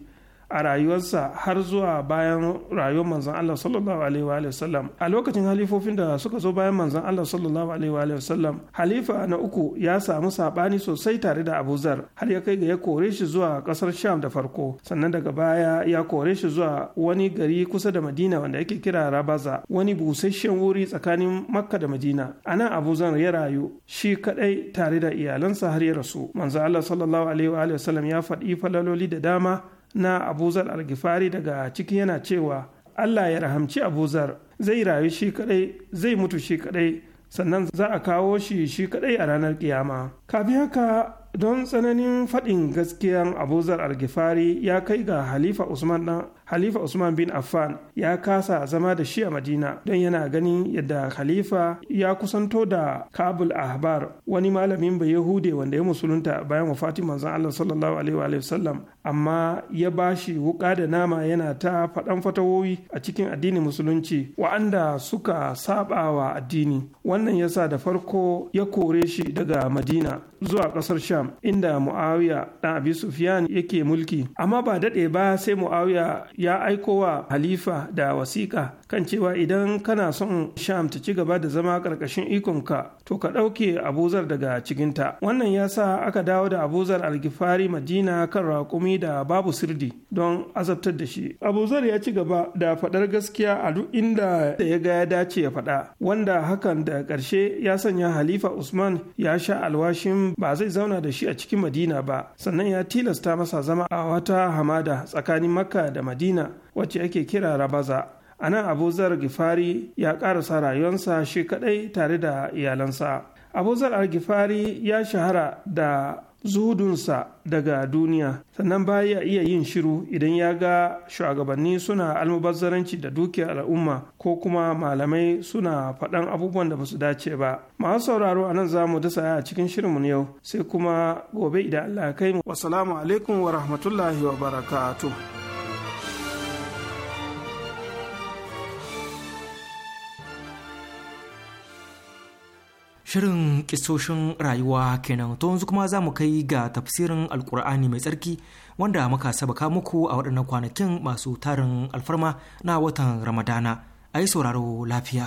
a rayuwarsa har zuwa bayan rayuwar manzon Allah sallallahu alaihi wa sallam a lokacin halifofin da suka zo bayan manzon Allah sallallahu alaihi wa sallam halifa na uku ya samu sabani sosai tare da Abu Zar har ya kai ga ya kore shi zuwa kasar Sham da farko sannan daga baya ya kore shi zuwa wani gari kusa da Madina wanda yake kira Rabaza wani busasshen wuri tsakanin Makka da Madina Ana Abu Zar ya rayu shi kadai tare da iyalansa har ya rasu manzon Allah sallallahu alaihi wa sallam ya faɗi falaloli da dama na abuzar algifari daga ciki yana cewa allah ya rahamci abuzar zai rayu shi kadai zai mutu shi kadai sannan za a kawo shi shi kadai a ranar kiyama kafin haka don tsananin faɗin gaskiyan abuzar algifari ya kai ga halifa usman dan halifa usman bin affan ya kasa zama da shi a madina don yana ganin yadda halifa ya kusanto da kabul ahbar wani malamin Bayahude wanda ya musulunta bayan wafatin manzon allah sallallahu alaihi wa sallam amma ya ba shi wuƙa da nama yana ta faɗan fatawoyi a cikin addinin musulunci wa'anda suka saba addini wannan yasa da farko ya kore shi daga madina zuwa ƙasar sham inda muawiya ɗan abi sufyan yake mulki amma ba daɗe ba sai muawiya ya aiko wa halifa da wasiƙa kan cewa idan kana son sham ta ci gaba da zama ƙarƙashin ikonka to ka ɗauke abuzar daga cikinta wannan yasa aka dawo da abuzar algifari madina kan raƙumi kalmomi da babu sirdi don azabtar da shi abu zar ya ci gaba da faɗar gaskiya a duk inda da ya ga ya dace ya faɗa wanda hakan da ƙarshe ya sanya halifa usman ya sha alwashin ba zai zauna da shi a cikin madina ba sannan ya tilasta masa zama a wata hamada tsakanin makka da madina wacce ake kira rabaza a nan abu zar gifari ya ƙarasa rayuwarsa shi kaɗai tare da iyalansa abu zar gifari ya shahara da zudunsa daga duniya sannan baya iya yin shiru idan ya ga shugabanni suna almubazzaranci da dukiyar al'umma ko kuma malamai suna faɗan abubuwan da basu dace ba masu sauraro a nan za mu dasa a cikin shirinmu yau sai kuma gobe idan allah kai mu wasalamu alaikum wa rahmatullahi wa barakatuh Shirin kisoshin rayuwa kenan to yanzu kuma za mu kai ga tafsirin alkur'ani mai tsarki wanda muka sabaka muku a waɗannan kwanakin masu tarin alfarma na watan Ramadana. A yi sauraro lafiya.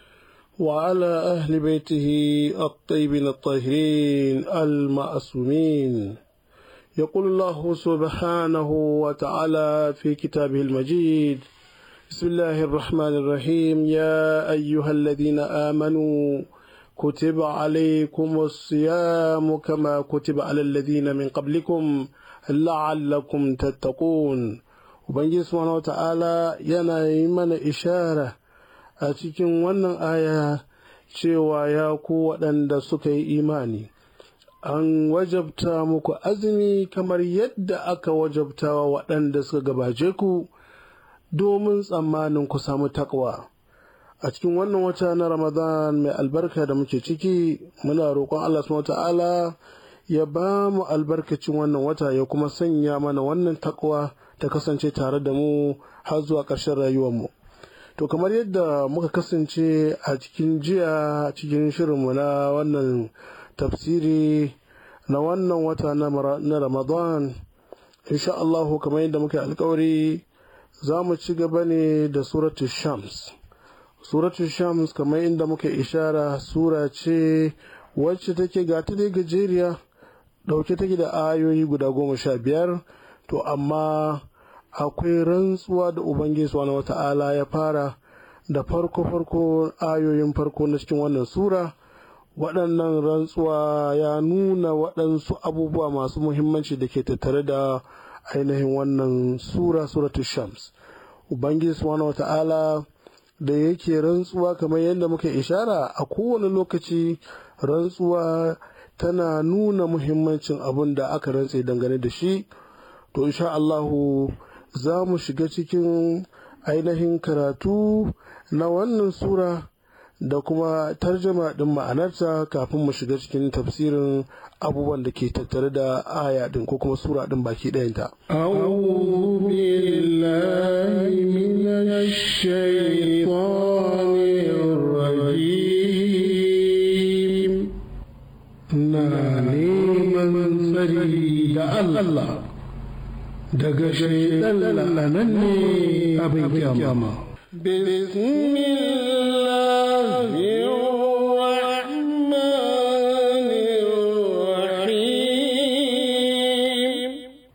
وعلى أهل بيته الطيبين الطاهرين المعصومين يقول الله سبحانه وتعالى في كتابه المجيد بسم الله الرحمن الرحيم يا أيها الذين آمنوا كتب عليكم الصيام كما كتب على الذين من قبلكم لعلكم تتقون وبنجي سبحانه وتعالى ينا من إشارة a cikin wannan aya cewa ya ku waɗanda suka yi imani an wajabta muku azumi kamar yadda aka wajabta wa waɗanda suka gabace ku domin tsammanin ku samu takwa a cikin wannan wata na ramadan mai albarka da muke ciki muna roƙon allah subhanahu ta'ala ya ba mu albarkacin wannan wata ya kuma sanya mana wannan takwa ta kasance tare da mu har zuwa ƙarshen mu. to kamar yadda muka kasance a cikin jiya cikin shirinmu na wannan tafsiri na wannan wata na ramadan insha Allahu kamar yadda muka alkawari za mu ci gaba ne da suratu shams suratu shams kamar inda muka ishara sura ce wacce take gata dai gajeriya dauke take da ayoyi guda goma sha biyar to amma akwai rantsuwa da ubangiji subhanahu wata'ala ya fara da farko farko ayoyin farko na cikin wannan sura waɗannan rantsuwa ya nuna waɗansu abubuwa masu muhimmanci da ke tattare da ainihin wannan sura suratul shams ubangiji subhanahu wata'ala da yake rantsuwa kamar yadda muka ishara a kowane lokaci rantsuwa tana nuna muhimmancin abin da aka rantse dangane da shi to insha za mu shiga cikin ainihin karatu na wannan sura da kuma tarjama din ma'anarta kafin mu shiga cikin tafsirin abubuwan da ke tattare da aya din ko kuma sura din baki ɗayanta. na neman tsari da Allah daga shaidananne abin kyama.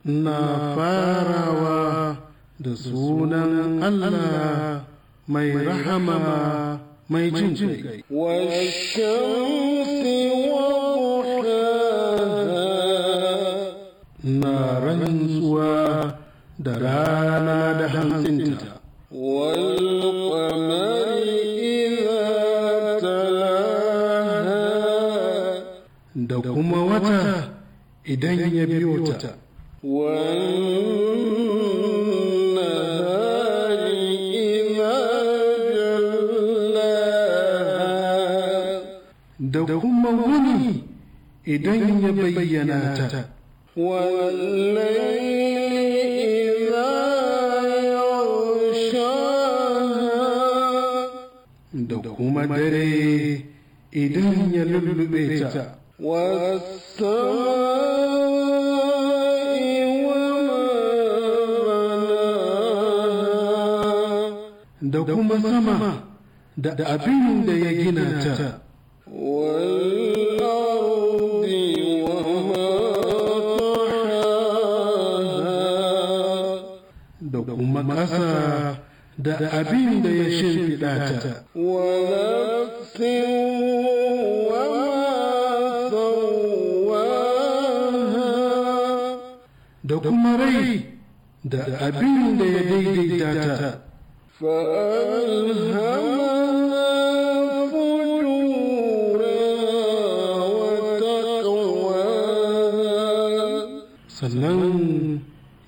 Na farawa da sunan Allah mai rahama mai jin kai. i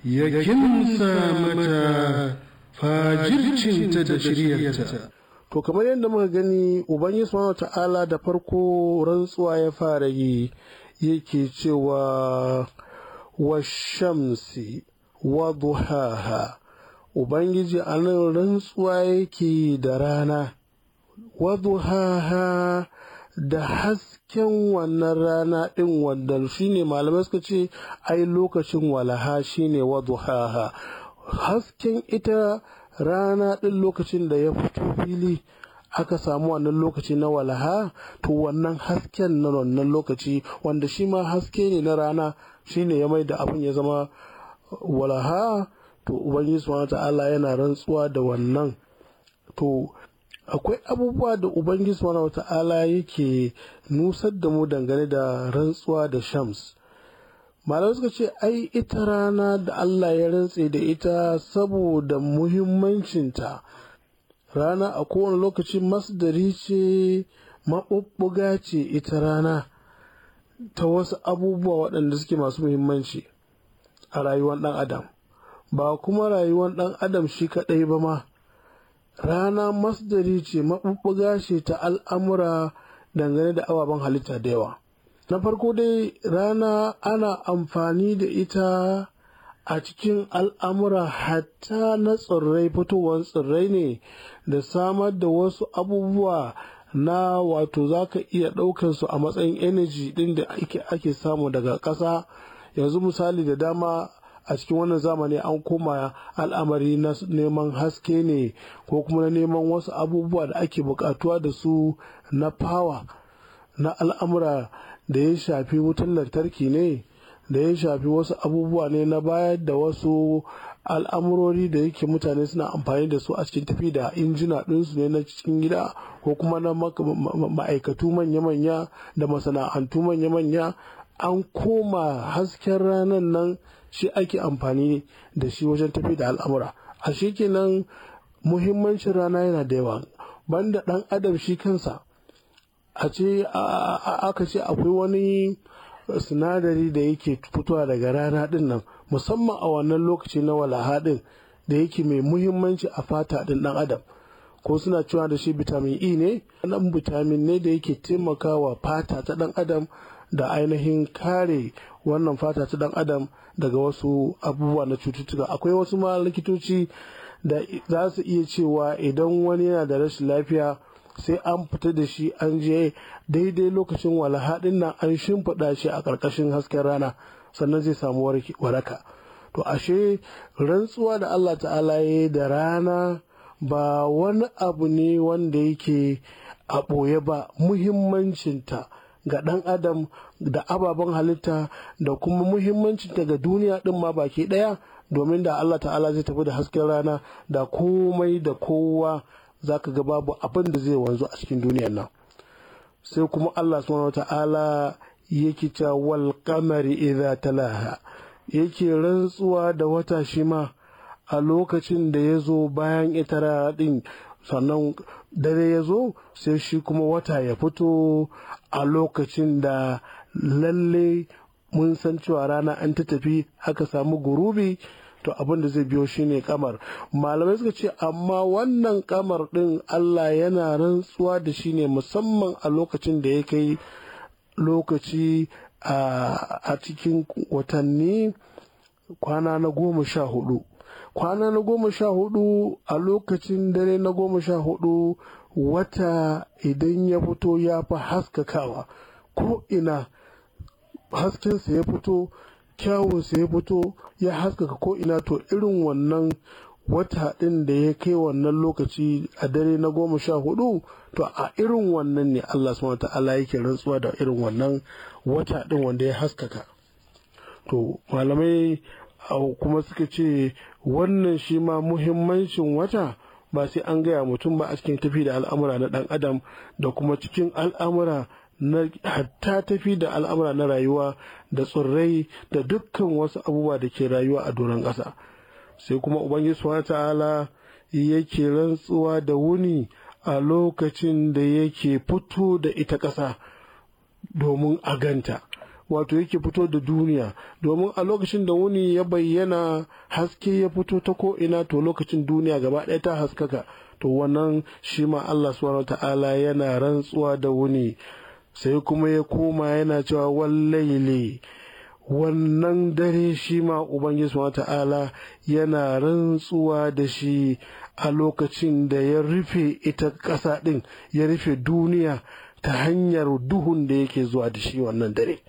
ya kimsa mata fajircinta da shiryarta to kamar yadda muka gani ubangiji subhanahu ta'ala da farko rantsuwa ya fara yi yake cewa washamsi wa duhaha ubangiji anan rantsuwa yake da rana wa duhaha da hasken wannan rana ɗin wanda ne malamai suka ce ai lokacin walaha shi ne waduhaha hasken ita rana ɗin lokacin da ya fito fili aka samu wannan lokaci na walaha to wannan hasken na wannan lokaci wanda shi ma haske ne na rana shi ne ya mai da abin ya zama walaha to ubangiji subhanahu ta'ala yana rantsuwa da wannan to akwai abubuwa da ubangiji subhanahu wata'ala yake nusar da mu dangane da rantsuwa da shams malamai suka ce ai ita rana da allah ya rantse da ita saboda muhimmancinta rana a kowane lokaci masdari ce maɓuɓɓuga ce ita rana ta wasu abubuwa waɗanda suke masu muhimmanci a rayuwar ɗan adam ba kuma rayuwar ɗan adam shi kaɗai ba ma rana masdari ce maɓuɓɓuga ce ta al'amura dangane da ababen halitta da yawa na farko dai rana ana amfani da ita a cikin al'amura hatta na tsirrai fitowar tsirrai ne da samar da wasu abubuwa na wato za ka iya ɗaukar su a matsayin energy ɗin da ake samu daga ƙasa yanzu misali da dama a cikin wannan zamani an koma al'amari na neman haske ne ko kuma na neman wasu abubuwa da ake bukatuwa da su na fawa na al'amura da ya shafi wutan lantarki ne da ya shafi wasu abubuwa ne na bayar da wasu al'amurori da yake mutane suna amfani da su a cikin tafi da injina ɗinsu ne na cikin gida ko kuma na ma'aikatu manya-manya da masana'antu manya-manya an koma hasken ranar nan shi ake amfani da shi wajen tafi da al'amura a shi kenan muhimmancin rana yana da yawa banda ɗan adam shi kansa a ce aka ce akwai wani sinadari da yake fitowa daga rana din nan musamman a wannan lokaci na walaha da yake mai muhimmanci a fata ɗin dan adam ko suna cewa da shi vitamin e ne nan vitamin ne da yake taimakawa fata ta ɗan adam da ainihin kare wannan fata ta dan adam daga wasu abubuwa na cututtuka akwai wasu ma likitoci da za su iya cewa idan wani yana da rashin lafiya sai an fita da shi an je daidai lokacin haɗin nan an shimfiɗa shi a ƙarƙashin hasken rana sannan zai samu waraka to ashe rantsuwa da allah ta'ala ya da rana ba wani abu ne wanda yake a ɓoye ba muhimmancinta ga ɗan adam da ababen halitta da kuma muhimmancin ga duniya ɗin ma baki ɗaya domin da Allah ta'ala zai tafi da hasken rana da komai da kowa za ka ga babu abin da zai wanzu a cikin duniyar nan sai kuma Allah subhanahu ta'ala yake cewa wal qamari idza talaha yake rantsuwa da wata shi ma a lokacin da ya zo bayan ita din sannan dare ya zo sai shi kuma wata ya fito a lokacin da lalle mun san cewa rana an ta tafi haka samu gurubi to abin da zai biyo shine kamar malamai suka ce amma wannan kamar din Allah yana rantsuwa da shi ne musamman a lokacin da ya kai lokaci a cikin watanni kwana na goma sha hudu kwana na goma sha hudu a lokacin dare na goma sha hudu wata idan ya fito ya fi haskakawa ko ina haskensa ya fito kyawunsa ya fito ya haskaka ko ina to irin wannan wata ɗin da ya kai wannan lokaci a dare na goma sha hudu to a irin wannan ne Allah su ta'ala yake rantsuwa da irin wannan wata ɗin wanda ya haskaka to malamai kuma suka ce wannan shi ma muhimmancin wata ba sai an gaya mutum ba a cikin tafi da al'amura na ɗan adam da kuma cikin al'amura na hatta tafi da al'amura na rayuwa da tsirrai da dukkan wasu abubuwa da ke rayuwa a doron ƙasa sai kuma ubangiji wa ta'ala yake rantsuwa da wuni a lokacin da yake fito da ita ƙasa domin a ganta wato yake fito da duniya domin a lokacin da wuni ya bayyana haske ya fito ta ko'ina to lokacin duniya gaba ɗaya ta haskaka to wannan shi ma Allah subhanahu ta'ala yana rantsuwa da wuni sai kuma ya koma yana cewa wallaili wannan dare shi ma Ubangiji subhanahu ta'ala yana rantsuwa da shi a lokacin da ya rufe ita ƙasa ɗin ya rufe duniya ta hanyar duhun da yake zuwa da shi wannan dare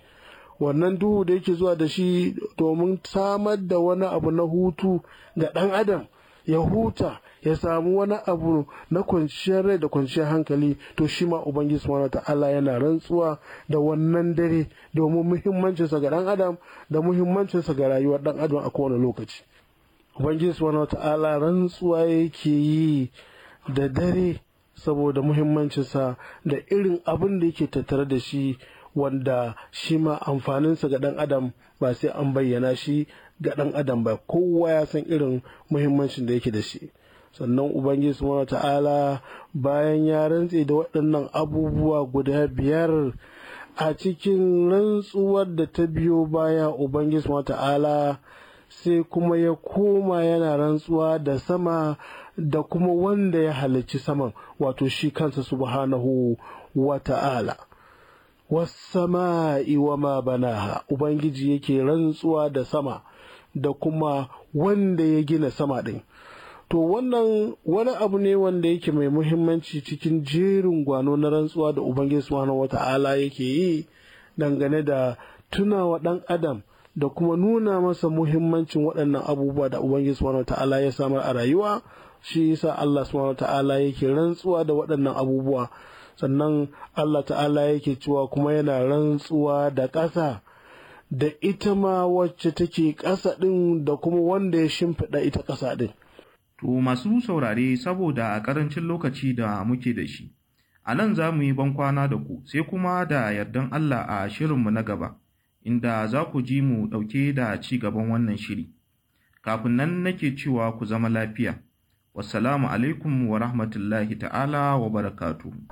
wannan duhu da yake zuwa da shi domin samar da wani abu na hutu ga ɗan adam ya huta ya samu wani abu na kwanciyar rai da kwanciyar hankali to shi ma ubangiji subhanahu ta'ala yana rantsuwa da wannan dare domin muhimmancinsa ga ɗan adam da muhimmancinsa ga rayuwar ɗan adam a kowane lokaci ubangiji subhanahu ta'ala rantsuwa yake yi da dare saboda muhimmancinsa da irin abin da yake tattare da shi wanda shi ma amfaninsa ga ɗan adam ba sai an bayyana shi ga ɗan adam ba kowa ya san irin muhimmancin da yake da shi sannan ubangiji subhanahu ta'ala bayan ya rantse da waɗannan abubuwa guda biyar a cikin rantsuwar da ta biyo baya ubangiji subhanahu ta'ala sai kuma ya koma yana rantsuwa da sama da kuma wanda ya halicci saman wato shi kansa subhanahu wa ta'ala wasama'i wa ma banaha ubangiji yake rantsuwa da sama da kuma wanda ya gina sama ɗin to wannan wani abu ne wanda yake mai muhimmanci cikin jerin gwano na rantsuwa da ubangiji subhanahu ta’ala yake yi dangane da tunawa ɗan adam da kuma nuna masa muhimmancin waɗannan abubuwa da ubangiji subhanahu ta’ala ya samar a rayuwa shi yasa Allah subhanahu ta’ala yake rantsuwa da waɗannan abubuwa sannan Allah ta'ala yake cewa kuma yana rantsuwa da ƙasa da ita ma wacce take ƙasa ɗin da kuma wanda ya shimfiɗa ita ƙasa ɗin. To masu saurare saboda a ƙarancin lokaci da muke da shi, a nan za mu yi bankwana da ku sai kuma da yardan Allah a shirinmu na gaba, inda za ku ji mu ɗauke da ci gaban wannan shiri. Kafin nan nake cewa ku zama lafiya. Wassalamu alaikum wa rahmatullahi ta'ala wa barakatuhu.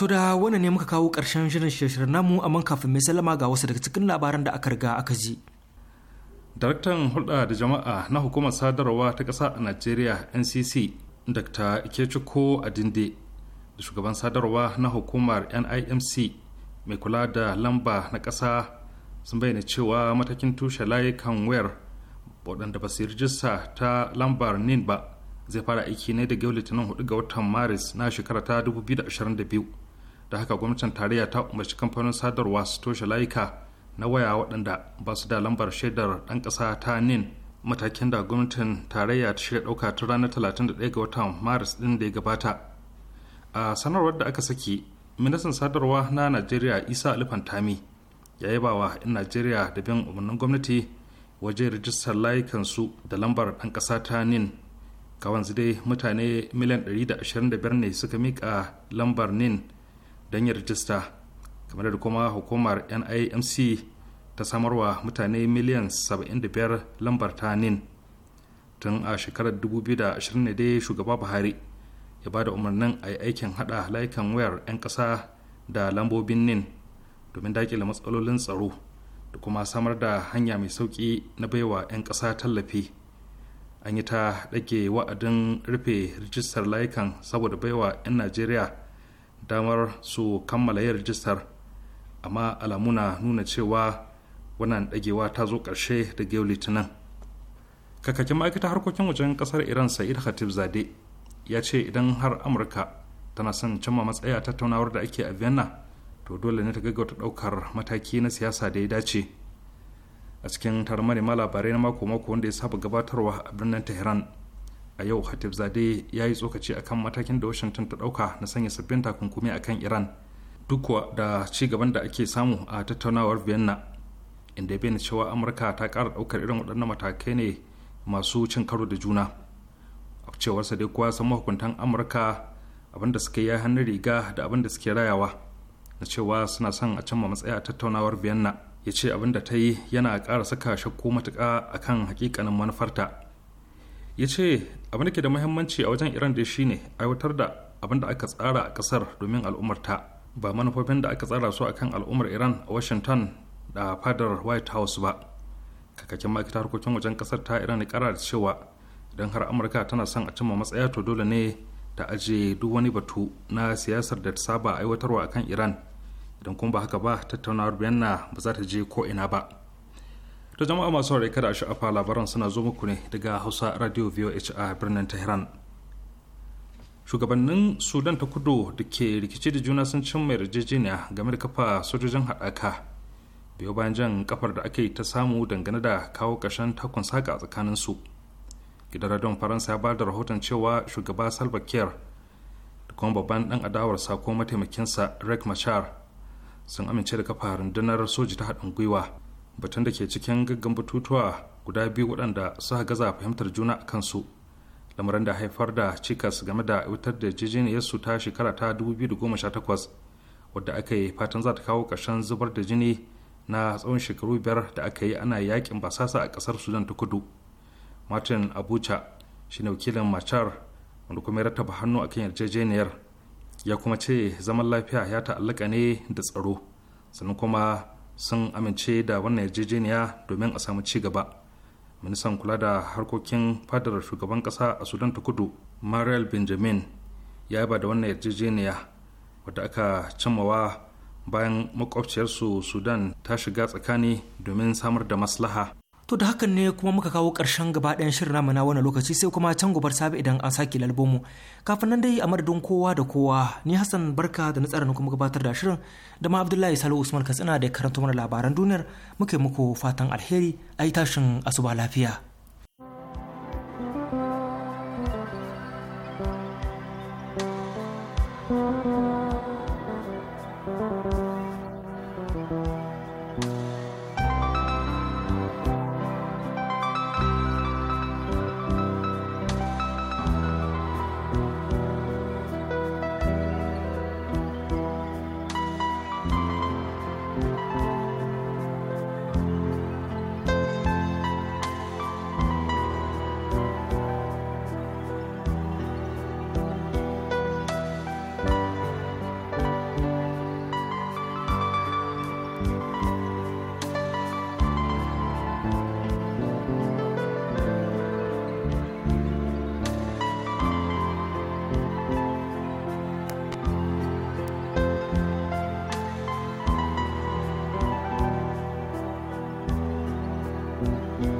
To da wani ne muka kawo ƙarshen shirin shirin namu man kafin mai salama ga wasu daga cikin labaran da aka riga aka ji. Daraktan hulɗa da jama'a na hukumar sadarwa ta ƙasa a Najeriya NCC Dr. Ikechukwu Adinde da shugaban sadarwa na hukumar NIMC mai kula da lamba na ƙasa sun bayyana cewa matakin tushe layukan wayar waɗanda ba su rijista ta lambar NIN ba zai fara aiki ne da litinin 4 ga watan maris na shekara ta 2022 da haka gwamnatin tarayya ta umarci kamfanin sadarwa su toshe layuka na waya waɗanda ba su da lambar shaidar ɗan ƙasa ta nin matakin da gwamnatin tarayya ta shirya ɗauka tun ranar 31 ga watan maris ɗin da ya gabata a sanarwar da aka saki ministan sadarwa na najeriya isa alifantami ya yi wa in najeriya da bin umarnin gwamnati waje rijistar layukansu da lambar ɗan ƙasa ta nin kawanzu dai mutane miliyan 125 ne suka miƙa lambar nin don yin rijista kamar da kuma hukumar nimc ta samarwa mutane miliyan 75 lambar ta nin tun a shekarar 2020 ne shugaba buhari ya ba da umarnin a yi aikin hada layukan wayar 'yan ƙasa da lambobin nin domin daƙile matsalolin tsaro da kuma samar da hanya mai sauki na baiwa 'yan ƙasa tallafi an yi ta ɗage wa'adin rufe rijistar layukan saboda baiwa 'yan najeriya damar su kammala yin rijistar amma alamuna nuna cewa wannan dagewa ta zo ƙarshe da yau litinin kakakin ma'aikata harkokin wajen ƙasar iran sa'id khatib zade ya ce idan har amurka tana son cimma matsaya tattaunawar da ake a vienna to dole ne ta gaggauta ɗaukar mataki na siyasa da ya dace a cikin taron manema labarai na mako-mako wanda ya saba gabatarwa a birnin tehran a yau hatib zade ya yi tsokaci akan matakin da washington ta dauka na sanya sabbin takunkumi akan iran duk da ci gaban da ake samu a tattaunawar vienna inda ya cewa amurka ta kara daukar irin waɗannan matakai ne masu cin karo da juna a cewarsa dai kowa san mahukuntan amurka abinda suke yi hannun riga da abinda suke rayawa na cewa suna son a cimma matsaya a tattaunawar vienna ya ce abin da ta yi yana ƙara saka shakku matuƙa akan hakikanin manufarta ya ce abin da ke da muhimmanci a wajen iran da ne aiwatar da abin da aka tsara a kasar domin al'ummarta ba manufofin da aka tsara su akan al'ummar iran a washington da fadar white house ba kakakin makita harkokin wajen kasar ta iran kara da cewa idan har amurka tana son a cimma matsaya to dole ne ta aje duk wani batu na siyasar da ta saba aiwatarwa akan iran idan kuma ba haka ba tattaunawar na ba za ta je ko ina ba to jama'a masu haure kada a sha'afa labaran suna zo muku ne daga hausa radio voh a birnin tehran shugabannin sudan ta kudu da ke rikici da juna sun cimma yarjejeniya game da kafa sojojin haɗaka biyo bayan jan kafar da ake ta samu dangane da kawo ƙarshen takun saka a tsakanin su gidan radon faransa ya ba da rahoton cewa shugaba salva kiyar da kuma babban dan adawarsa ko mataimakinsa rek machar sun amince da kafa rundunar soji ta haɗin gwiwa batun da ke cikin gaggan batutuwa guda biyu waɗanda su suka gaza fahimtar juna a kansu lamarin da haifar da cikas game da wutar da jijiniyarsu ta shekara ta 2018 wadda aka yi fatan za ta kawo ƙarshen zubar da jini na tsawon shekaru biyar da aka yi ana yakin basasa a ƙasar sudan ta kudu martin abuja shine wakilin machar wanda kuma ya rattaba hannu akan yarjejeniyar ya kuma ce zaman lafiya ya ta'allaka ne da tsaro sannan kuma sun amince da wannan yarjejeniya domin a samu ci gaba ministan kula da harkokin fadar shugaban kasa a sudan ta kudu mariel benjamin ya ba da wannan yarjejeniya wadda aka cimmawa bayan makwabciyarsu sudan ta shiga tsakani domin samar da maslaha To da hakan ne kuma muka kawo ƙarshen gaba ɗayan shirin namu na wannan lokaci sai kuma can gobar sabi idan an sake lalbomu. Kafin nan dai a madadin kowa da kowa ni Hassan Barka da na kuma gabatar da shirin da ma Abdullahi Salo Usman Katsina da karanto mana labaran duniyar muke muku fatan alheri a yi tashin asuba lafiya. Mm-hmm.